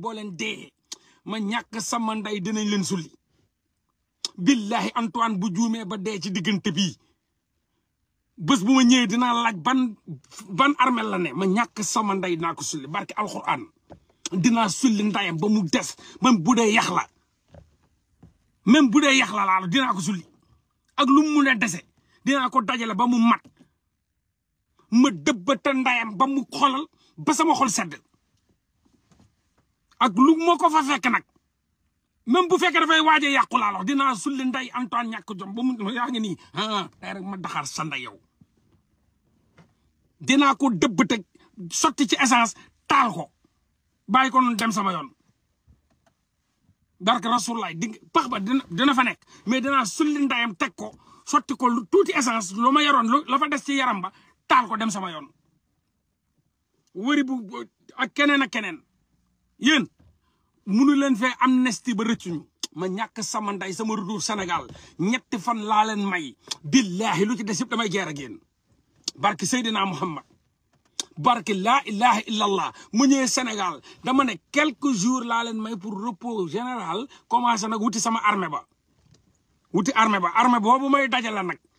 boo leen dee ma ñàkk sama ndey dinañ leen sulli billahi Antoine bu juumee ba dee ci diggante bii bés bu ma ñëwee dinaa laaj ban ban armel la ne ma ñàkk sama ndey dinaa ko sulli barke alxuraan dinaa sulli ndayam ba mu des même bu dee yax la même bu dee yax la dinaa ko sulli ak lu mu mun a dese dinaa ko dajale ba mu mat ma dëbbata ndayam ba mu xolal ba sama xol sedd ak lu ma ko fa fekk nag même bu fekkee dafay waaj a yàqu dinaa sulli nday Antoine ñàkk jom ba mu yaa ngi nii ah day ma daxaar sa nday yow. dinaa ko dëbb teg sotti ci essence taal ko bàyyi ko noonu dem sama yoon barke rasulaay di pax dina dina fa nekk mais dinaa sulli ndayam teg ko sotti ko lu tuuti essence lu ma yoroon la fa des ci yaram ba taal ko dem sama yoon wëri bu ak keneen keneen yéen munu leen fee amnistie ba rëccuñu ma ñàkk sama nday sama retour Sénégal ñetti fan laa leen may billaahi lu ci des yëpp damay geer ak yéen barke Seydina Muhammad barke laa ilaha illallah mu ñëwee Sénégal dama ne quelques jours laa leen may pour repos général commencé nag wuti sama armée ba wuti armée ba armée boobu may dajale nag